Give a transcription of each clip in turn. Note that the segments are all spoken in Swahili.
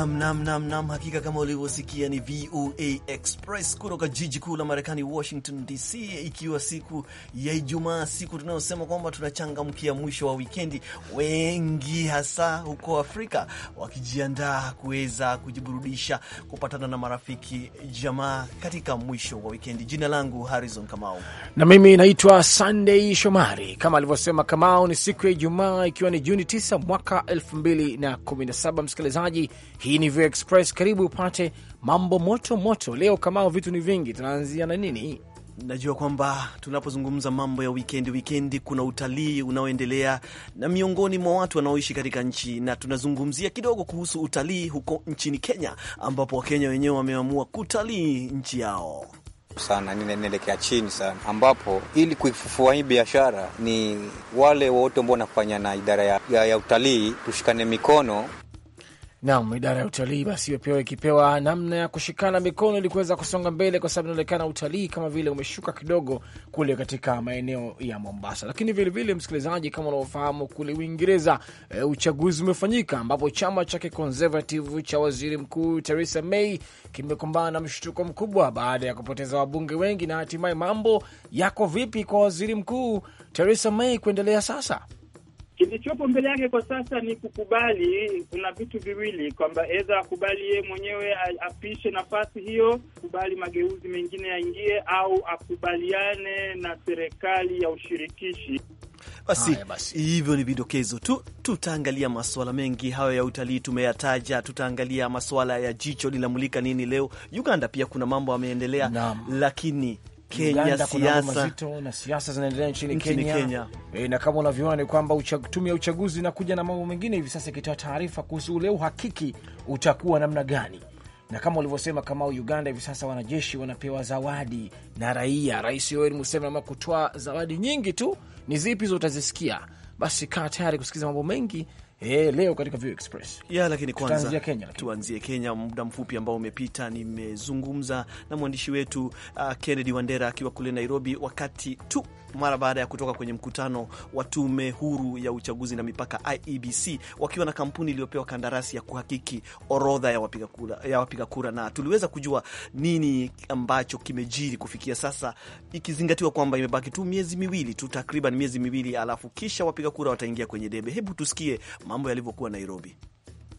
Nam, nam, nam, nam, hakika kama ulivyosikia ni VOA Express kutoka jiji kuu la Marekani, Washington DC, ikiwa siku ya Ijumaa, siku tunayosema kwamba tunachangamkia mwisho wa wikendi, wengi hasa huko Afrika wakijiandaa kuweza kujiburudisha, kupatana na marafiki, jamaa katika mwisho wa wikendi. Jina langu Harrison Kamau na mimi naitwa Sunday Shomari. Kama alivyosema Kamau, ni siku ya Ijumaa ikiwa ni Juni 9 mwaka 2017. Msikilizaji, hii hii ni Vio Express, karibu upate mambo moto moto. Leo Kamao, vitu ni vingi, tunaanzia na nini? Najua kwamba tunapozungumza mambo ya wikendi wikendi, kuna utalii unaoendelea na miongoni mwa watu wanaoishi katika nchi, na tunazungumzia kidogo kuhusu utalii huko nchini Kenya, ambapo Wakenya wenyewe wameamua kutalii nchi yao sana ninaelekea chini sana, ambapo ili kuifufua hii biashara ni wale wote ambao wanafanya na idara ya, ya, ya utalii tushikane mikono, Naam, idara ya utalii basi pia ikipewa namna ya kushikana mikono ili kuweza kusonga mbele, kwa sababu inaonekana utalii kama vile umeshuka kidogo kule katika maeneo ya Mombasa. Lakini vilevile, msikilizaji, kama unavyofahamu kule Uingereza e, uchaguzi umefanyika ambapo chama cha Conservative cha waziri mkuu Theresa May kimekumbana na mshtuko mkubwa baada ya kupoteza wabunge wengi, na hatimaye mambo yako vipi kwa waziri mkuu Theresa May kuendelea sasa? kilichopo mbele yake kwa sasa ni kukubali. Kuna vitu viwili, kwamba edha akubali yeye mwenyewe apishe nafasi hiyo, kubali mageuzi mengine yaingie, au akubaliane na serikali ya ushirikishi. Basi, basi hivyo ni vidokezo tu. Tutaangalia maswala mengi hayo ya utalii tumeyataja, tutaangalia maswala ya jicho linamulika nini leo. Uganda pia kuna mambo yameendelea, lakini Kenya siasa na siasa zinaendelea nchini Kenya, Kenya. E, na kama unavyoona ni kwamba uchag, tume ya uchaguzi inakuja na mambo mengine hivi sasa ikitoa taarifa kuhusu ule uhakiki utakuwa namna gani, na kama ulivyosema kama Uganda hivi sasa wanajeshi wanapewa zawadi na raia. Rais Yoweri Museveni ama kutoa zawadi nyingi tu, ni zipi hizo utazisikia? Basi kaa tayari kusikiza mambo mengi E, leo katika View Express. Ya, lakini kwanza Kenya, lakini tuanzie Kenya. Muda mfupi ambao umepita nimezungumza na mwandishi wetu uh, Kennedy Wandera akiwa kule Nairobi wakati tu mara baada ya kutoka kwenye mkutano wa tume huru ya uchaguzi na mipaka IEBC, wakiwa na kampuni iliyopewa kandarasi ya kuhakiki orodha ya wapiga kura, ya wapiga kura, na tuliweza kujua nini ambacho kimejiri kufikia sasa, ikizingatiwa kwamba imebaki tu miezi miwili tu, takriban miezi miwili, alafu kisha wapiga kura wataingia kwenye debe. Hebu tusikie mambo yalivyokuwa Nairobi.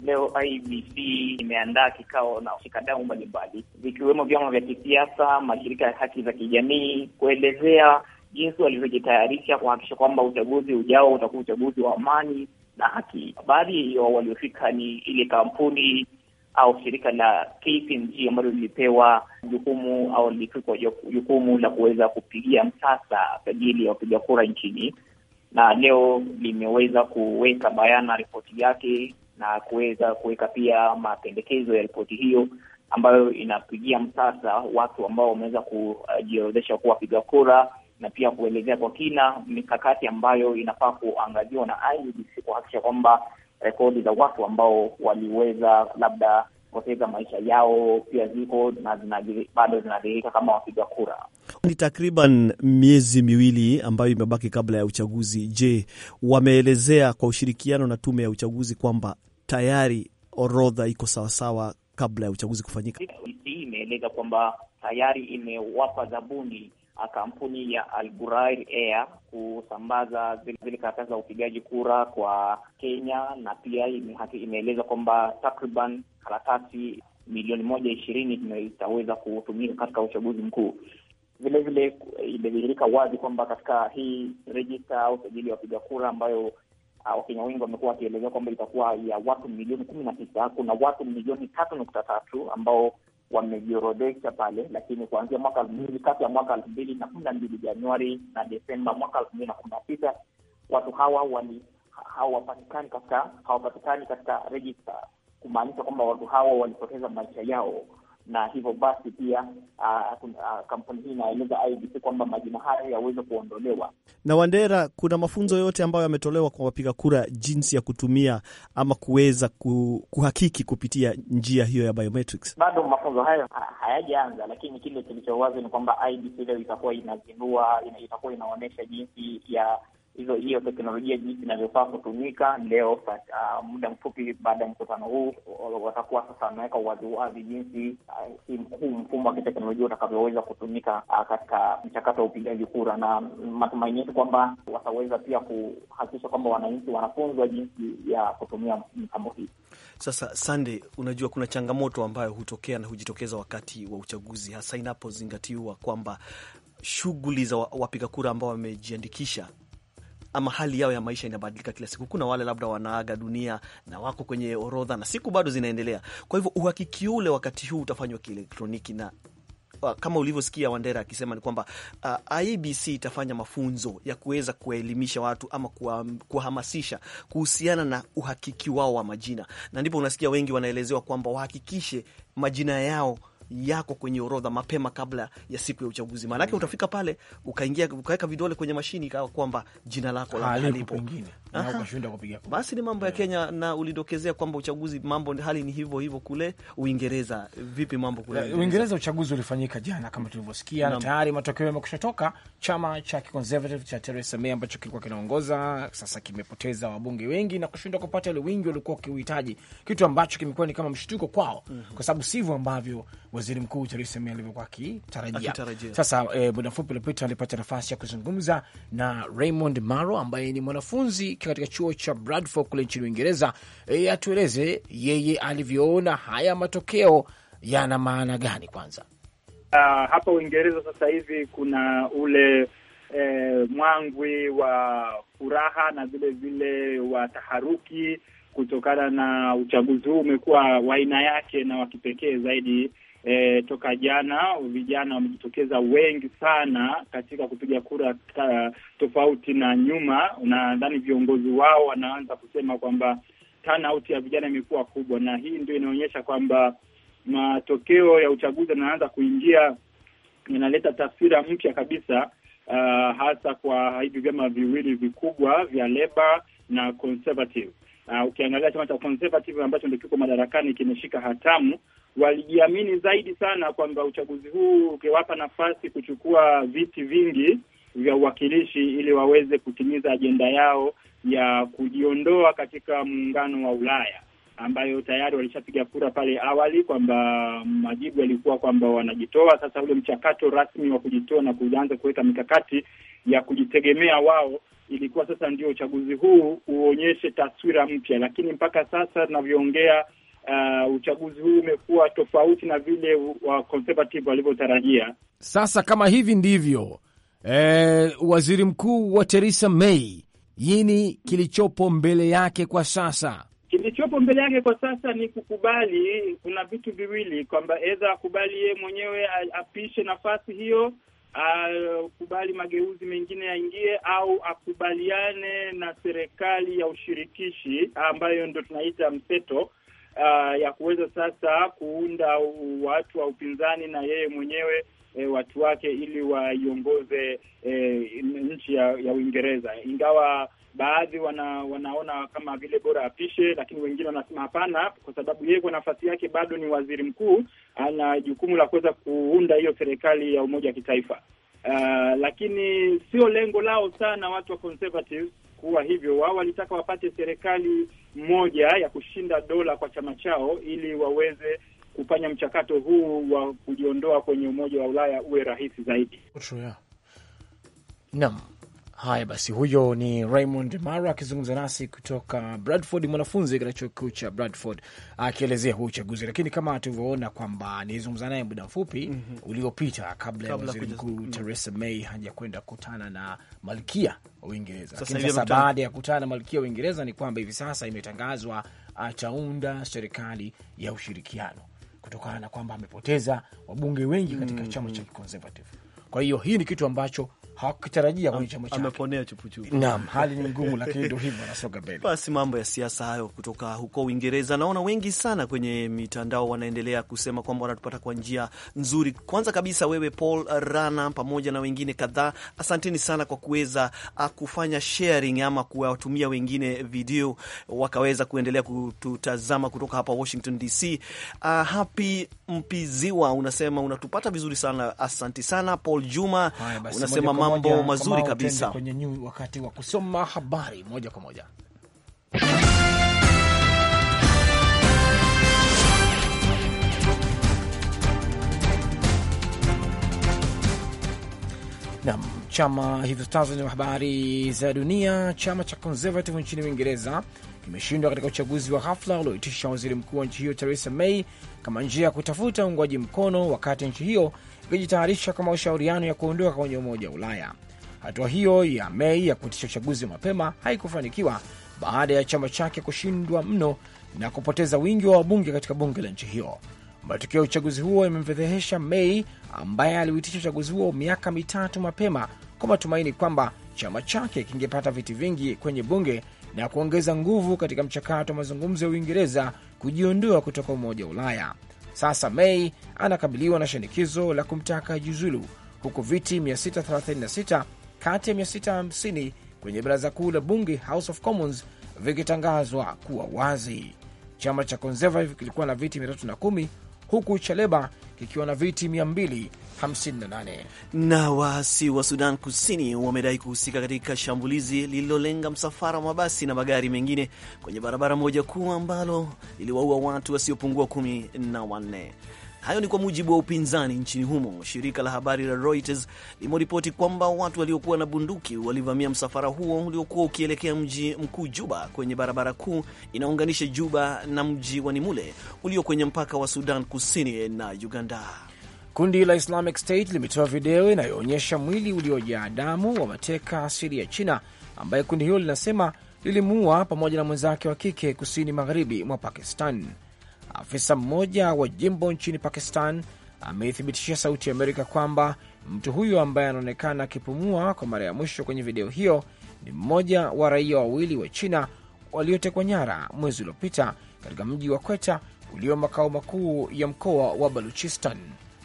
Leo IBC e imeandaa kikao na washikadau mbalimbali vikiwemo vyama vya kisiasa, mashirika ya haki za kijamii kuelezea jinsi walivyojitayarisha kuhakikisha kwamba uchaguzi ujao utakuwa uchaguzi wa amani na haki. Baadhi ya waliofika ni ile kampuni au shirika la KPMG ambalo lilipewa jukumu au lilifikwa jukumu la kuweza kupigia msasa sajili ya wapiga kura nchini, na leo limeweza kuweka bayana ripoti yake na kuweza kuweka pia mapendekezo ya ripoti hiyo ambayo inapigia msasa watu ambao wameweza kujiorodhesha kuwa wapiga kura na pia kuelezea kwa kina mikakati ambayo inafaa kuangaziwa na IEBC kuhakikisha kwamba rekodi za watu ambao waliweza labda kupoteza maisha yao pia ziko na bado zinadhihirika kama wapiga kura. Ni takriban miezi miwili ambayo imebaki kabla ya uchaguzi. Je, wameelezea kwa ushirikiano na tume ya uchaguzi kwamba tayari orodha iko sawasawa kabla ya uchaguzi kufanyika? Hii e imeeleza kwamba tayari imewapa zabuni kampuni ya Al Ghurair Air kusambaza zile, zile karatasi za upigaji kura kwa Kenya, na pia imeeleza kwamba takriban karatasi milioni moja ishirini zitaweza kutumika katika uchaguzi mkuu. Vilevile imedhihirika wazi kwamba katika hii rejista au sajili ya wapiga kura ambayo uh, Wakenya wengi wamekuwa wakielezea kwamba itakuwa ya watu milioni kumi na tisa kuna watu milioni tatu nukta tatu ambao wamejiorodhesha pale, lakini kuanzia mwaka elfu mbili kati ya mwaka elfu mbili na kumi na mbili Januari na Desemba mwaka elfu mbili na kumi na sita watu hawa wali hawapatikani katika hawapatikani katika rejista, kumaanisha kwamba watu hawa walipoteza maisha yao na hivyo basi pia uh, uh, kampuni hii inaeleza IBC kwamba majina hayo yaweze kuondolewa. Na Wandera, kuna mafunzo yote ambayo yametolewa kwa wapiga kura jinsi ya kutumia ama kuweza kuhakiki kupitia njia hiyo ya biometrics? Bado mafunzo hayo hayajaanza, lakini kile kilicho wazi ni kwamba IBC leo itakuwa inazindua, itakuwa inaonyesha jinsi ya hizo hiyo teknolojia jinsi inavyofaa kutumika. Leo uh, muda mfupi baada ya mkutano huu watakuwa sasa wanaweka uwaziwazi jinsi huu ah, uh, mfumo wa kiteknolojia utakavyoweza kutumika uh, katika mchakato wa upigaji kura, na matumaini yetu kwamba wataweza pia kuhakikisha kwamba wananchi wanafunzwa jinsi ya kutumia mitambo hii. Sasa Sande, unajua kuna changamoto ambayo hutokea na hujitokeza wakati wa uchaguzi, hasa inapozingatiwa kwamba shughuli za wapiga kura ambao wamejiandikisha ama hali yao ya maisha inabadilika kila siku. Kuna wale labda wanaaga dunia na wako kwenye orodha na siku bado zinaendelea. Kwa hivyo uhakiki ule wakati huu utafanywa kielektroniki na kama ulivyosikia Wandera akisema ni kwamba uh, IBC itafanya mafunzo ya kuweza kuwaelimisha watu ama kuwahamasisha kuhusiana na uhakiki wao wa majina, na ndipo unasikia wengi wanaelezewa kwamba wahakikishe majina yao yako kwenye orodha mapema kabla ya siku ya uchaguzi, maanake utafika pale ukaingia ukaweka vidole kwenye mashini ikawa kwamba jina lako halipo. Basi ni mambo ya eh. Kenya, na ulidokezea kwamba uchaguzi mambo hali ni hivyo hivyo kule Uingereza. Vipi mambo kule eh, Uingereza? Uingereza uchaguzi ulifanyika jana kama tulivyosikia, na tayari matokeo yamekusha toka. Chama cha Conservative cha Theresa May ambacho kilikuwa kinaongoza sasa kimepoteza wabunge wengi na kushindwa kupata ile wingi waliokuwa wakiuhitaji, kitu ambacho kimekuwa ni kama mshtuko kwao, mhm. kwa sababu sivyo ambavyo waziri mkuu Theresa May alivyokuwa akitarajia. Sasa e, muda mfupi uliopita alipata nafasi ya kuzungumza na Raymond Maro ambaye ni mwanafunzi katika chuo cha Bradford kule nchini Uingereza. E, atueleze yeye alivyoona haya matokeo yana maana gani kwanza. Uh, hapa Uingereza sasa hivi kuna ule E, mwangwi wa furaha na vile vile wa taharuki kutokana na uchaguzi huu umekuwa wa aina yake na wa kipekee zaidi e, toka jana vijana wamejitokeza wengi sana katika kupiga kura ta, tofauti na nyuma, na ndani viongozi wao wanaanza kusema kwamba turnout ya vijana imekuwa kubwa, na hii ndio inaonyesha kwamba matokeo ya uchaguzi yanaanza kuingia, yanaleta taswira mpya kabisa. Uh, hasa kwa hivi vyama viwili vikubwa vya Leba na Conservative. Uh, ukiangalia chama cha Conservative ambacho ndio kiko madarakani kimeshika hatamu walijiamini zaidi sana kwamba uchaguzi huu ukiwapa nafasi kuchukua viti vingi vya uwakilishi ili waweze kutimiza ajenda yao ya kujiondoa katika muungano wa Ulaya ambayo tayari walishapiga kura pale awali kwamba majibu yalikuwa kwamba wanajitoa. Sasa ule mchakato rasmi wa kujitoa na kuanza kuweka mikakati ya kujitegemea wao ilikuwa sasa ndio uchaguzi huu uonyeshe taswira mpya, lakini mpaka sasa tunavyoongea uh, uchaguzi huu umekuwa tofauti na vile wa conservative walivyotarajia. Sasa kama hivi ndivyo eh, waziri mkuu wa Theresa May, nini kilichopo mbele yake kwa sasa? Kilichopo mbele yake kwa sasa ni kukubali. Kuna vitu viwili, kwamba edha akubali yeye mwenyewe apishe nafasi hiyo, akubali mageuzi mengine yaingie, au akubaliane na serikali ya ushirikishi ambayo ndo tunaita mseto uh, ya kuweza sasa kuunda watu wa upinzani na yeye mwenyewe E, watu wake ili waiongoze e, nchi ya, ya Uingereza, ingawa baadhi wana, wanaona kama vile bora apishe, lakini wengine wanasema hapana, kwa sababu yeye kwa nafasi yake bado ni waziri mkuu, ana jukumu la kuweza kuunda hiyo serikali ya umoja wa kitaifa. Uh, lakini sio lengo lao sana watu wa conservatives kuwa hivyo, wao walitaka wapate serikali moja ya kushinda dola kwa chama chao ili waweze kufanya mchakato huu wa kujiondoa kwenye Umoja wa Ulaya uwe rahisi zaidi. Haya basi, huyo ni Raymond Mara akizungumza nasi kutoka Bradford, mwanafunzi katika chuo kikuu cha Bradford akielezea huu uchaguzi. Lakini kama tulivyoona kwamba nilizungumza naye muda mfupi mm -hmm. uliopita kabla ya waziri mkuu mm Theresa May haja kwenda kukutana na malkia wa Uingereza. Lakini sasa baada ya kukutana na malkia wa Uingereza ni kwamba hivi sasa imetangazwa ataunda serikali ya ushirikiano kutokana na kwamba amepoteza wabunge wengi katika mm -hmm. chama cha Conservative. Kwa hiyo hii ni kitu ambacho hawakutarajia kwenye chama chake, ameponea chupuchupu. Naam, hali ni ngumu, lakini ndio hivyo, anasonga mbele. Basi mambo ya siasa hayo kutoka huko Uingereza. Naona wengi sana kwenye mitandao wanaendelea kusema kwamba wanatupata kwa njia nzuri. Kwanza kabisa wewe Paul Rana pamoja na wengine kadhaa, asanteni sana kwa kuweza ah, kufanya sharing ama kuwatumia wengine video wakaweza kuendelea kututazama kutoka hapa Washington DC. Uh, ah, happy mpiziwa unasema unatupata vizuri sana, Asante sana Paul Juma. Hai, basi, unasema mambo mazuri kabisa kwenye nyu, wakati wa kusoma habari moja kwa moja. Nam chama hivi sasa ni habari za dunia. Chama cha Conservative nchini Uingereza kimeshindwa katika uchaguzi wa ghafla ulioitisha waziri mkuu wa nchi hiyo Theresa May kama njia ya kutafuta uungwaji mkono, wakati nchi hiyo ikijitayarisha kwa mashauriano ya kuondoka kwenye Umoja wa Ulaya. Hatua hiyo ya Mei ya kuitisha uchaguzi mapema haikufanikiwa baada ya chama chake kushindwa mno na kupoteza wingi wa wabunge katika bunge la nchi hiyo. Matokeo ya uchaguzi huo yamemfedhehesha Mei ambaye aliuitisha uchaguzi huo miaka mitatu mapema kwa matumaini kwamba chama chake kingepata viti vingi kwenye bunge na kuongeza nguvu katika mchakato wa mazungumzo ya Uingereza kujiondoa kutoka Umoja wa Ulaya. Sasa Mei anakabiliwa na shinikizo la kumtaka juzulu, huku viti 636 kati ya 650 kwenye baraza kuu la bunge House of Commons vikitangazwa kuwa wazi. Chama cha Conservative kilikuwa na viti 310 huku cha Leba kikiwa na viti 200 58. Na waasi wa Sudan Kusini wamedai kuhusika katika shambulizi lililolenga msafara wa mabasi na magari mengine kwenye barabara moja kuu ambalo liliwaua watu wasiopungua kumi na wanne. Hayo ni kwa mujibu wa upinzani nchini humo. Shirika la habari la Reuters limeripoti kwamba watu waliokuwa na bunduki walivamia msafara huo uliokuwa ukielekea mji mkuu Juba, kwenye barabara kuu inaunganisha Juba na mji wa Nimule ulio kwenye mpaka wa Sudan Kusini na Uganda. Kundi la Islamic State limetoa video inayoonyesha mwili uliojaa damu wa mateka asili ya China ambaye kundi hilo linasema lilimuua pamoja na mwenzake wa kike kusini magharibi mwa Pakistan. Afisa mmoja wa jimbo nchini Pakistan ameithibitisha Sauti ya Amerika kwamba mtu huyo ambaye anaonekana akipumua kwa mara ya mwisho kwenye video hiyo ni mmoja wa raia wawili wa China waliotekwa nyara mwezi uliopita katika mji wa Kweta ulio makao makuu ya mkoa wa Baluchistan.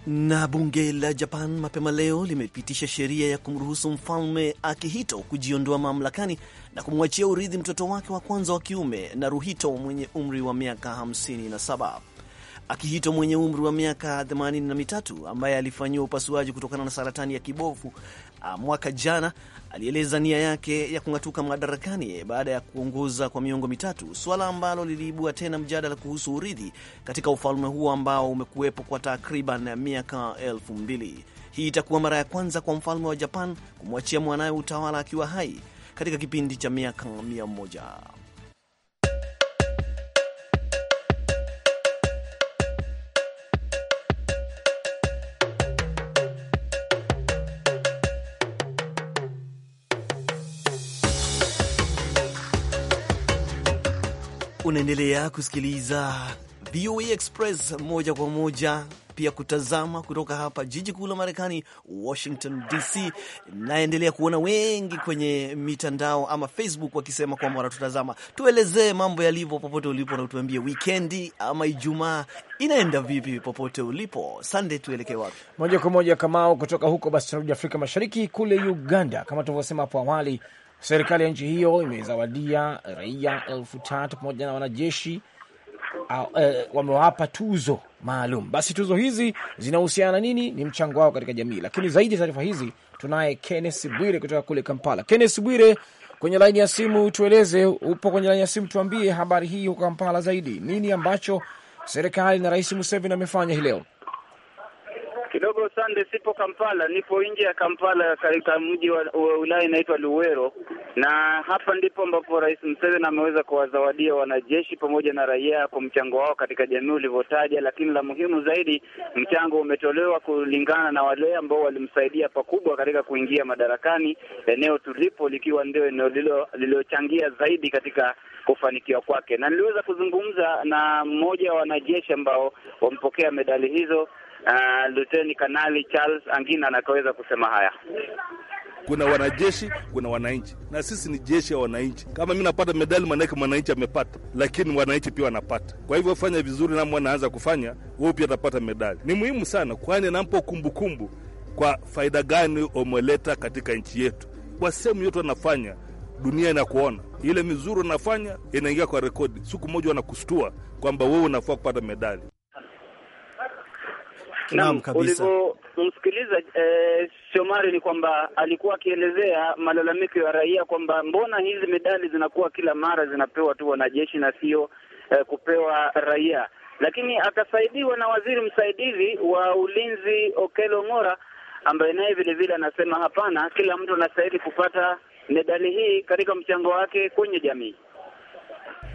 Na bunge la Japan mapema leo limepitisha sheria ya kumruhusu mfalme Akihito kujiondoa mamlakani na kumwachia urithi mtoto wake wa kwanza wa kiume Naruhito mwenye umri wa miaka 57. Akihito mwenye umri wa miaka 83 ambaye alifanyiwa upasuaji kutokana na saratani ya kibofu Ah, mwaka jana alieleza nia yake ya kung'atuka madarakani baada ya kuongoza kwa miongo mitatu, suala ambalo liliibua tena mjadala kuhusu urithi katika ufalme huo ambao umekuwepo kwa takriban miaka elfu mbili. Hii itakuwa mara ya kwanza kwa mfalme wa Japan kumwachia mwanawe utawala akiwa hai katika kipindi cha miaka mia moja. Unaendelea kusikiliza VOA Express moja kwa moja, pia kutazama kutoka hapa jiji kuu la Marekani, Washington DC. Naendelea kuona wengi kwenye mitandao ama Facebook wakisema kwamba wanatutazama. Tuelezee mambo yalivyo popote ulipo, na utuambie wikendi ama Ijumaa inaenda vipi popote ulipo. Sande, tuelekee wapi? Moja kwa moja Kamao, kutoka huko basi tunarudi Afrika Mashariki, kule Uganda. Kama tulivyosema hapo awali Serikali ya nchi hiyo imezawadia raia elfu tatu pamoja na wanajeshi uh, wamewapa tuzo maalum. Basi tuzo hizi zinahusiana na nini? Ni mchango wao katika jamii, lakini zaidi ya taarifa hizi tunaye Kenneth Bwire kutoka kule Kampala. Kenneth Bwire kwenye laini ya simu, tueleze, upo kwenye laini ya simu, tuambie habari hii huko Kampala zaidi, nini ambacho serikali na Rais Museveni amefanya hii leo? kidogo. Sande, sipo Kampala, nipo nje ya Kampala katika mji wa, wilaya inaitwa Luwero, na hapa ndipo ambapo Rais Museveni ameweza kuwazawadia wanajeshi pamoja na raia kwa mchango wao katika jamii ulivyotaja, lakini la muhimu zaidi, mchango umetolewa kulingana na wale ambao walimsaidia pakubwa katika kuingia madarakani, eneo tulipo likiwa ndio eneo lililochangia zaidi katika kufanikiwa kwake, na niliweza kuzungumza na mmoja wa wanajeshi ambao wampokea medali hizo uh, Luteni Kanali Charles Angina anakaweza kusema haya. Kuna wanajeshi, kuna wananchi, na sisi ni jeshi ya wananchi. Kama mi napata medali, maanake mwananchi amepata, lakini wananchi pia wanapata. Kwa hivyo fanya vizuri, namo anaanza kufanya, wewe pia atapata medali. Ni muhimu sana, kwani nampo kumbukumbu kwa faida gani umeleta katika nchi yetu. Kwa sehemu yote anafanya dunia inakuona, ile mizuri unafanya inaingia kwa rekodi, siku moja wanakustua kwamba wewe unafaa kupata medali. Naam, kabisa. Msikiliza eh, Shomari, ni kwamba alikuwa akielezea malalamiko ya raia kwamba mbona hizi medali zinakuwa kila mara zinapewa tu wanajeshi na sio eh, kupewa raia, lakini akasaidiwa na waziri msaidizi wa ulinzi Okelo Ng'ora ambaye naye vile vile anasema hapana, kila mtu anastahili kupata medali hii katika mchango wake kwenye jamii.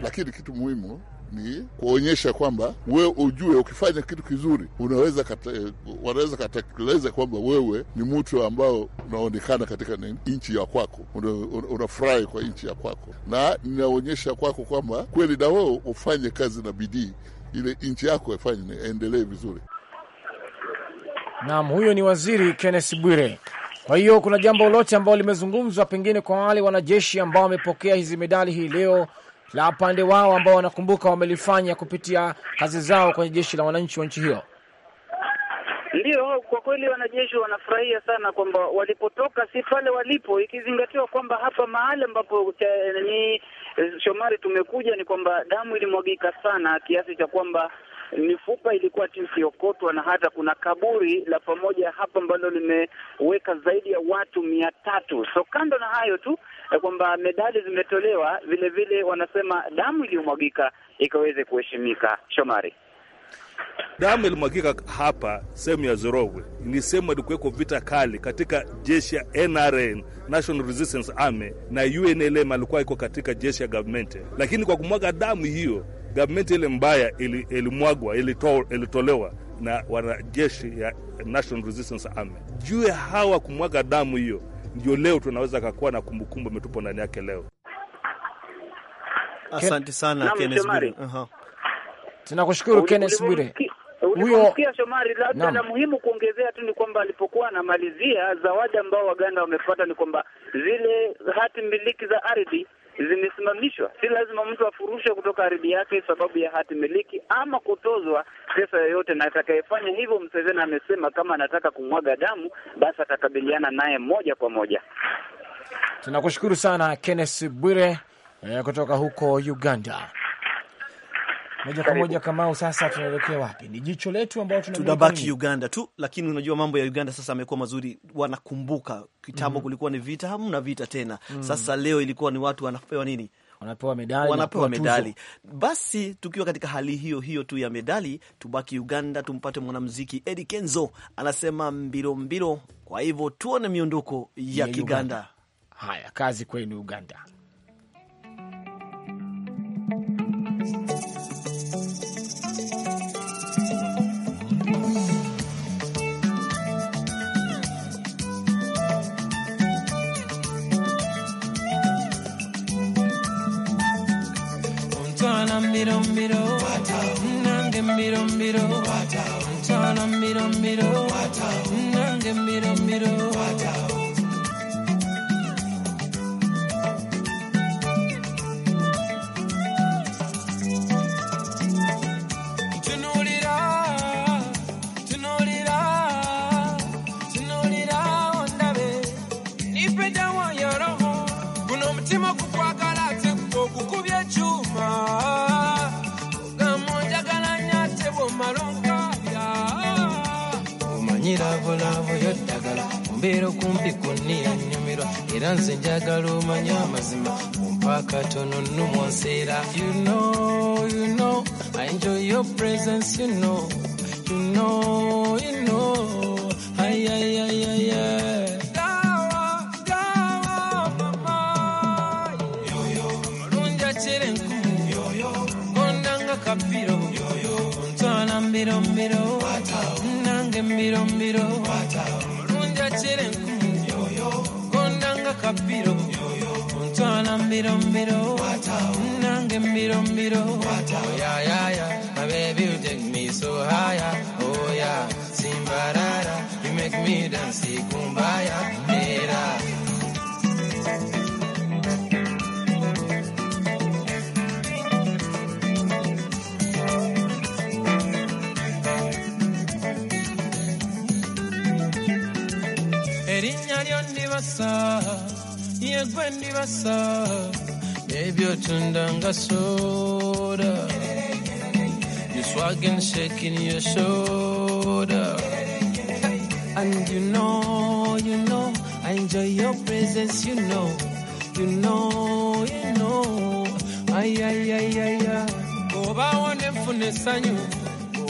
Lakini kitu muhimu ni kuonyesha kwamba wewe ujue ukifanya kitu kizuri unaweza kata, eh, wanaweza katekeleza kwamba wewe ni mtu ambao unaonekana katika nchi ya kwako, unafurahi una kwa nchi ya kwako, na inaonyesha kwako kwamba kweli na wewe ufanye kazi na bidii ile nchi yako ifanye aendelee vizuri. Naam, huyo ni Waziri Kenneth Bwire. Kwa hiyo kuna jambo lolote ambalo limezungumzwa pengine kwa wale wanajeshi ambao wamepokea hizi medali hii leo la upande wao ambao wanakumbuka wamelifanya kupitia kazi zao kwenye jeshi la wananchi wa nchi hiyo? Ndio, kwa kweli wanajeshi wanafurahia sana kwamba walipotoka si pale walipo, ikizingatiwa kwamba hapa mahali ambapo eh, ni eh, Shomari tumekuja ni kwamba damu ilimwagika sana kiasi cha kwamba mifupa ilikuwa isiokotwa na hata kuna kaburi la pamoja hapa ambalo limeweka zaidi ya watu mia tatu. So kando na hayo tu eh, kwamba medali zimetolewa, vile vile wanasema damu iliyomwagika ikaweze kuheshimika. Shomari, damu ilimwagika hapa sehemu ya Zorogwe, ni sehemu ilikuweko vita kali katika jeshi ya NRN, National Resistance Army, na UNLM alikuwa iko katika jeshi ya gavumenti, lakini kwa kumwaga damu hiyo Gavumenti ile mbaya ilimwagwa, ili ilitolewa na wanajeshi ya National Resistance Army. Juu ya hawa kumwaga damu hiyo, ndio leo tunaweza kakuwa na kumbukumbu imetupwa ndani yake leo. Asante sana Kenneth Bwire. uh -huh. Tunakushukuru Kenneth Bwire ulivyomsikia Shomari. Labda la muhimu kuongezea tu ni kwamba alipokuwa anamalizia zawadi ambao Waganda wamepata ni kwamba zile hati miliki za ardhi zimesimamishwa. Si lazima mtu afurushwe kutoka ardhi yake sababu ya hati miliki ama kutozwa pesa yoyote, na atakayefanya hivyo, Mseveni amesema kama anataka kumwaga damu, basi atakabiliana naye moja kwa moja. Tunakushukuru sana Kenneth Bwire eh, kutoka huko Uganda. Moja kwa moja, Kamau, sasa tunaelekea wapi? Ni jicho letu ambao tunabaki Uganda tu, lakini unajua mambo ya Uganda sasa amekuwa mazuri. Wanakumbuka kitambo, mm -hmm. kulikuwa ni vita, hamna vita tena, mm -hmm. Sasa leo ilikuwa ni watu wanapewa nini wanapewa medali, wanapewa medali. Basi tukiwa katika hali hiyo hiyo tu ya medali, tubaki Uganda, tumpate mwanamuziki Eddie Kenzo anasema mbiro mbiro. Kwa hivyo tuone miondoko ya Kiganda. Haya, kazi kwenu Uganda. miro miro nange miro miro ntono miro miro nange miro miro bulavulavu yo ddagala ombeera okumpi kunni yannyumirwa era nze njagala omanya amazima mumpakatono nnumonseera ayayayayay kapiro olunja kirenku gondanga kapiro ontwala mbirombiro nange mbirombiro oyayaya baby, you take me so higher oh yeah simbarara you make me dance kumbaya era ndibasa ye gwe ndibasa n'ebyotunda nga soda you swaggin shaking your shoulder and you know you know I enjoy your presence you know you know you know ay ay ay ay oba wone mfune sanyu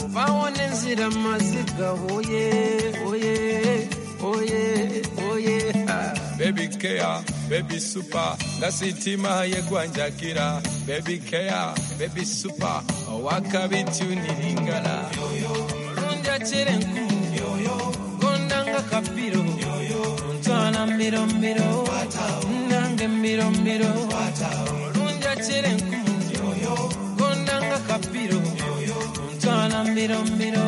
oba wone nzira maziga oye oye oye oye baby care baby super ngasitima yegwanjakira baby care baby super wakabituniringana runjakire nku gondanga kapiro ntwala mbirombiro nange mbirombiro runjakire nku gondanga kapiro ntwala mbirombiro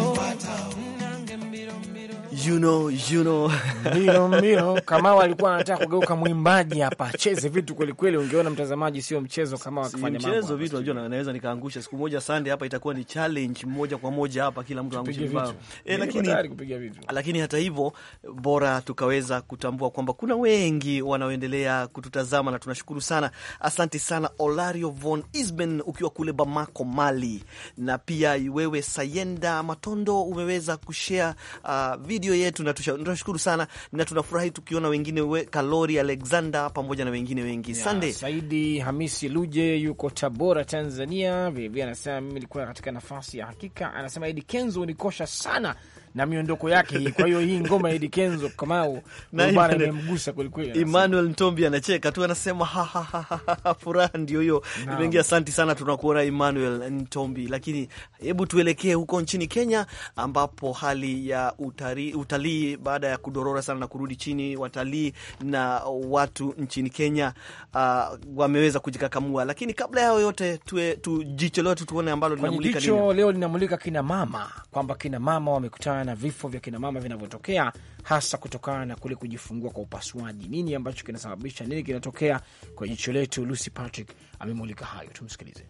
Juno, Juno. Mbilo mio. kama walikuwa wanataka kugeuka mwimbaji hapa, cheze vitu kweli kweli, ungeona mtazamaji, sio mchezo kama wakifanya mambo. Mchezo vitu unajua naweza nikaangusha siku moja Sunday hapa itakuwa ni challenge moja kwa moja hapa kila mtu angushe vibao. Eh, lakini kupiga vitu. Lakini hata hivyo bora tukaweza kutambua kwamba kuna wengi wanaoendelea kututazama na tunashukuru sana. Asante sana Olario Von Isben ukiwa kule Bamako, Mali. Na pia wewe Sayenda Matondo umeweza kushare uh, video matukio yetu, na tunashukuru sana na tunafurahi tukiona wengine we, Kalori Alexander pamoja na wengine wengi. Sande Saidi Hamisi Luje yuko Tabora, Tanzania, vilevile anasema mimi nilikuwa katika nafasi ya hakika, anasema Idi Kenzo unikosha sana na miondoko yake hii. Kwa hiyo hii ngoma ya Eddy Kenzo Kamau bwana imemgusa kweli kweli. Emmanuel Ntombi anacheka tu anasema ha, ha, ha, ha, furaha ndio hiyo no. Imeingia. Asante sana, tunakuona Emmanuel Ntombi, lakini hebu tuelekee huko nchini Kenya ambapo hali ya utalii utalii baada ya kudorora sana na kurudi chini, watalii na watu nchini Kenya uh, wameweza kujikakamua, lakini kabla ya yote tujicho letu tuone ambalo linamulika nini. Jicho leo linamulika kina mama kwamba kina mama wamekutana kuhusiana na vifo vya kinamama vinavyotokea hasa kutokana na kule kujifungua kwa upasuaji. Nini ambacho kinasababisha, nini kinatokea? Kwenye jicho letu, Lucy Patrick amemulika hayo, tumsikilize.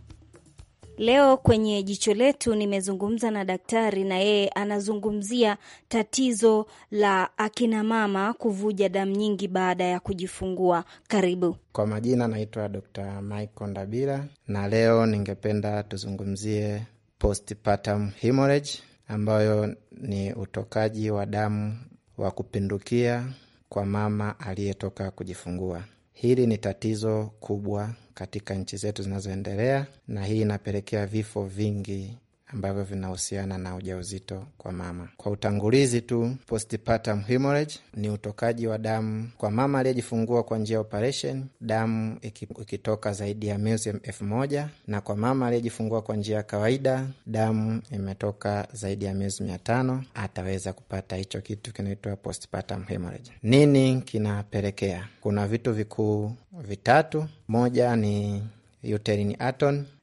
Leo kwenye jicho letu nimezungumza na daktari, na yeye anazungumzia tatizo la akina mama kuvuja damu nyingi baada ya kujifungua. Karibu. Kwa majina naitwa Dr. Michael Ndabila, na leo ningependa tuzungumzie postpartum hemorrhage ambayo ni utokaji wa damu wa kupindukia kwa mama aliyetoka kujifungua. Hili ni tatizo kubwa katika nchi zetu zinazoendelea, na hii inapelekea vifo vingi ambavyo vinahusiana na ujauzito kwa mama. Kwa utangulizi tu, postpartum hemorrhage ni utokaji wa damu kwa mama aliyejifungua kwa njia ya operation, damu ikitoka zaidi ya miligramu elfu moja na kwa mama aliyejifungua kwa njia ya kawaida, damu imetoka zaidi ya miligramu mia tano ataweza kupata hicho kitu kinaitwa postpartum hemorrhage. Nini kinapelekea? Kuna vitu vikuu vitatu. Moja ni uterine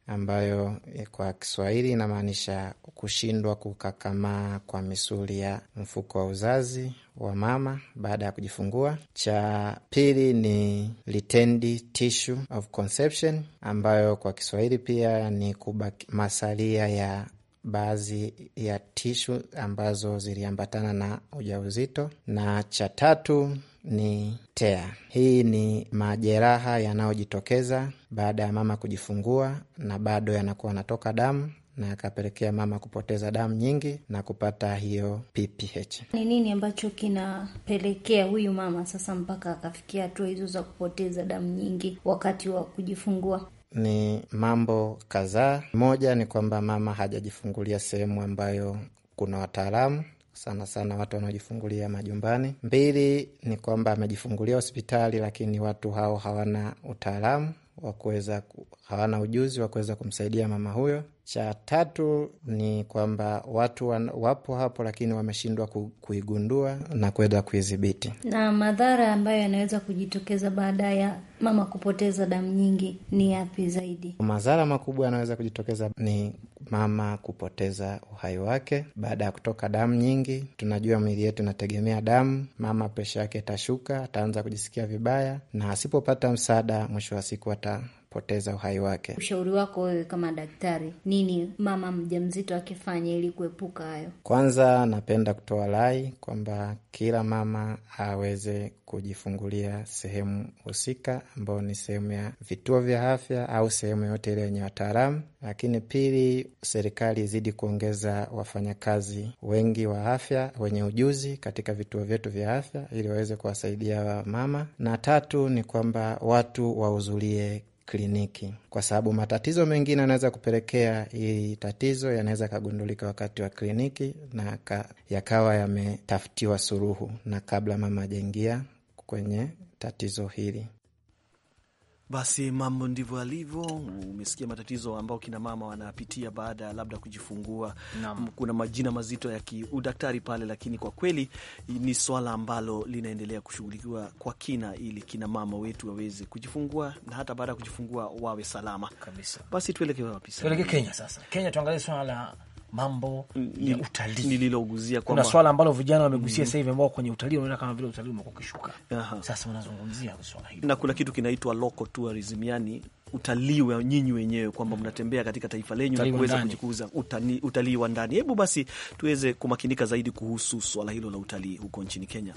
ambayo kwa Kiswahili inamaanisha kushindwa kukakamaa kwa misuli ya mfuko wa uzazi wa mama baada ya kujifungua. Cha pili ni retained tissue of conception, ambayo kwa Kiswahili pia ni kubaki masalia ya baadhi ya tishu ambazo ziliambatana na ujauzito. Na cha tatu ni TEA. Hii ni majeraha yanayojitokeza baada ya mama kujifungua na bado yanakuwa anatoka damu na yakapelekea mama kupoteza damu nyingi na kupata hiyo PPH. Ni nini ambacho kinapelekea huyu mama sasa mpaka akafikia hatua hizo za kupoteza damu nyingi wakati wa kujifungua? Ni mambo kadhaa. Moja ni kwamba mama hajajifungulia sehemu ambayo kuna wataalamu sana sana watu wanaojifungulia majumbani. Mbili ni kwamba amejifungulia hospitali, lakini watu hao hawana utaalamu wa kuweza, hawana ujuzi wa kuweza kumsaidia mama huyo. Cha tatu ni kwamba watu wapo hapo, lakini wameshindwa kuigundua na kuweza kuidhibiti. Na madhara ambayo yanaweza kujitokeza baada ya mama kupoteza damu nyingi ni yapi zaidi? Madhara makubwa yanaweza kujitokeza ni mama kupoteza uhai wake baada ya kutoka damu nyingi. Tunajua mili yetu inategemea damu. Mama presha yake itashuka, ataanza kujisikia vibaya, na asipopata msaada, mwisho wa siku ata kupoteza uhai wake. Ushauri wako wewe kama daktari, nini mama mjamzito akifanya ili kuepuka hayo? Kwanza napenda kutoa rai kwamba kila mama aweze kujifungulia sehemu husika ambayo ni sehemu ya vituo vya afya au sehemu yoyote ile yenye wataalamu. Lakini pili, serikali izidi kuongeza wafanyakazi wengi wa afya wenye ujuzi katika vituo vyetu vya afya ili waweze kuwasaidia wa mama, na tatu ni kwamba watu wahudhurie kliniki, kwa sababu matatizo mengine yanaweza kupelekea hii tatizo yanaweza yakagundulika wakati wa kliniki na yakawa yametafutiwa suluhu na kabla mama ajaingia kwenye tatizo hili. Basi mambo ndivyo alivyo. Umesikia matatizo ambao kina mama wanapitia baada ya labda kujifungua Nam. Kuna majina mazito ya kiudaktari pale, lakini kwa kweli ni swala ambalo linaendelea kushughulikiwa kwa kina, ili kina mama wetu waweze kujifungua na hata baada ya kujifungua wawe salama kabisa. Basi tuelekee wapi? Tuelekee Kenya sasa. Kenya tuangalie swala la mambo ya utalii nililoguzia, kuna swala ambalo vijana wamegusia mm. sasa hivi ambao kwenye utalii unaona kama vile utalii umekuwa ukishuka. Sasa wanazungumzia swala hili na kuna kitu kinaitwa local tourism, yani utalii wa nyinyi wenyewe kwamba mm. mnatembea katika taifa lenyu na kuweza kujikuza utalii wa ndani. Hebu basi tuweze kumakinika zaidi kuhusu swala hilo la utalii huko nchini Kenya.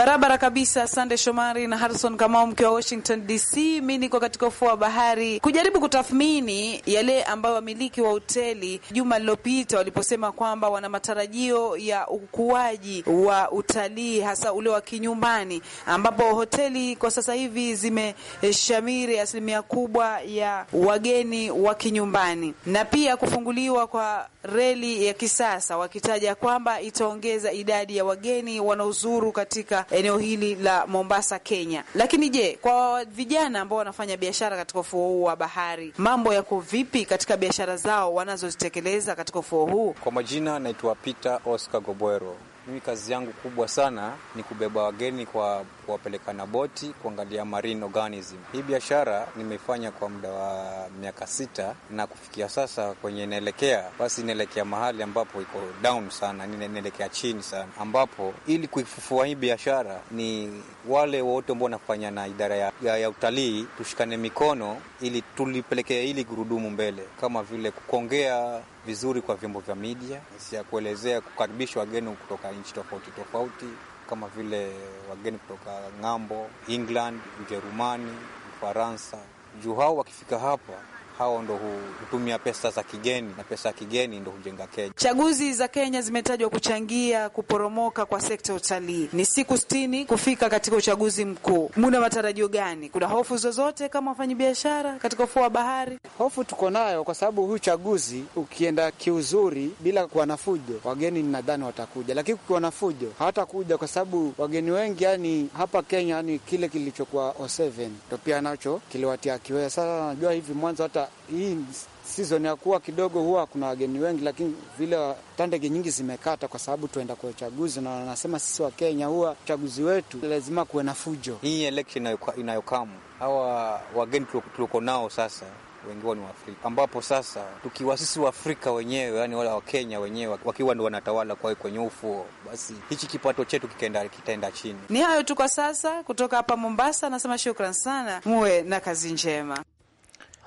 Barabara kabisa, Sande Shomari na kamao Kamau mkiwa Washington DC. Mi niko katika ufuo wa bahari kujaribu kutathmini yale ambayo wamiliki wa hoteli juma lilopita waliposema kwamba wana matarajio ya ukuaji wa utalii hasa ule wa kinyumbani, ambapo hoteli kwa sasa hivi zimeshamiri asilimia kubwa ya wageni wa kinyumbani na pia kufunguliwa kwa reli ya kisasa, wakitaja kwamba itaongeza idadi ya wageni wanaozuru katika eneo hili la Mombasa, Kenya. Lakini je, kwa vijana ambao wanafanya biashara katika ufuo huu wa bahari, mambo yako vipi katika biashara zao wanazozitekeleza katika ufuo huu? Kwa majina naitwa Peter Oscar Gobwero. Mimi kazi yangu kubwa sana ni kubeba wageni kwa kuwapeleka na boti kuangalia marine organism. Hii biashara nimeifanya kwa muda wa miaka sita, na kufikia sasa kwenye inaelekea basi, inaelekea mahali ambapo iko down sana, inaelekea chini sana, ambapo ili kuifufua hii biashara ni wale wote ambao wanafanya na idara ya, ya, ya utalii tushikane mikono ili tulipelekea hili gurudumu mbele, kama vile kukongea vizuri kwa vyombo vya media, si ya kuelezea, kukaribisha wageni kutoka nchi tofauti tofauti kama vile wageni kutoka ng'ambo, England, Ujerumani, Ufaransa. Juu hao wakifika hapa hao ndo hutumia pesa za kigeni na pesa ya kigeni ndo hujenga Kenya. Chaguzi za Kenya zimetajwa kuchangia kuporomoka kwa sekta ya utalii. Ni siku sitini kufika katika uchaguzi mkuu, muna matarajio gani? Kuna hofu zozote kama wafanyabiashara katika ufuo wa bahari? Hofu tuko nayo kwa sababu huu chaguzi ukienda kiuzuri bila kuwa na fujo, wageni nadhani watakuja, lakini kukiwa na fujo hawatakuja kwa sababu wageni wengi yani hapa Kenya yani kile kilichokuwa o7 ndo pia nacho kiliwatia kiwea. Sasa najua hivi mwanzo hata hii season ya kuwa kidogo huwa kuna wageni wengi, lakini vile tandege nyingi zimekata kwa sababu tuenda kwa uchaguzi, na wanasema sisi wa Kenya huwa uchaguzi wetu lazima kuwe na fujo. Hii election inayokamu, hawa wageni tuliko nao sasa wengi wao ni Waafrika, ambapo sasa tukiwa sisi Waafrika wenyewe, yani wala Wakenya wenyewe wakiwa ndo wanatawala kwa kwenye ufuo, basi hichi kipato chetu kitaenda chini. Ni hayo tu kwa sasa. Kutoka hapa Mombasa, anasema shukran sana, muwe na kazi njema.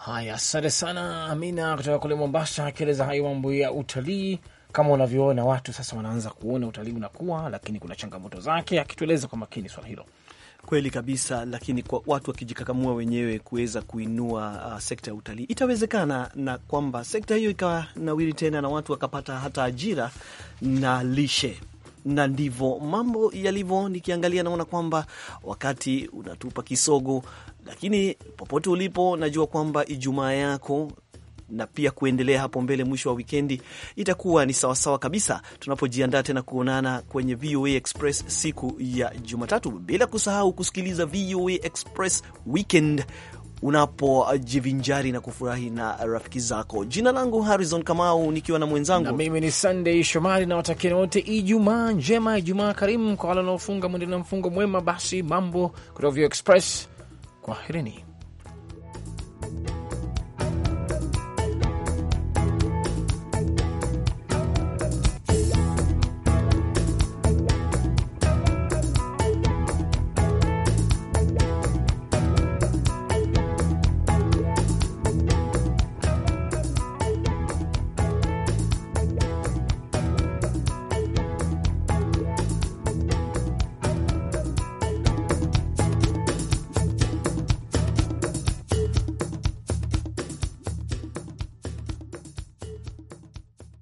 Haya, asante sana Amina kutoka kule Mombasa akieleza hayo mambo ya utalii. Kama unavyoona watu sasa wanaanza kuona utalii unakuwa, lakini kuna changamoto zake, akitueleza kwa makini swala hilo. Kweli kabisa, lakini kwa watu wakijikakamua wenyewe kuweza kuinua uh, sekta ya utalii itawezekana, na kwamba sekta hiyo ikawa nawili tena na watu wakapata hata ajira na lishe na ndivyo mambo yalivyo. Nikiangalia naona kwamba wakati unatupa kisogo, lakini popote ulipo, najua kwamba Ijumaa yako na pia kuendelea hapo mbele, mwisho wa wikendi itakuwa ni sawasawa kabisa, tunapojiandaa tena kuonana kwenye VOA Express siku ya Jumatatu, bila kusahau kusikiliza VOA Express weekend unapojivinjari na kufurahi na rafiki zako. Jina langu Harrison Kamau, nikiwa na mwenzangu na mimi ni Sunday Shomari, na watakieni wote Ijumaa njema, Ijumaa karimu. Kwa wale wanaofunga mwendele na mfungo mwema. Basi mambo kutoka Vio Express, kwaherini.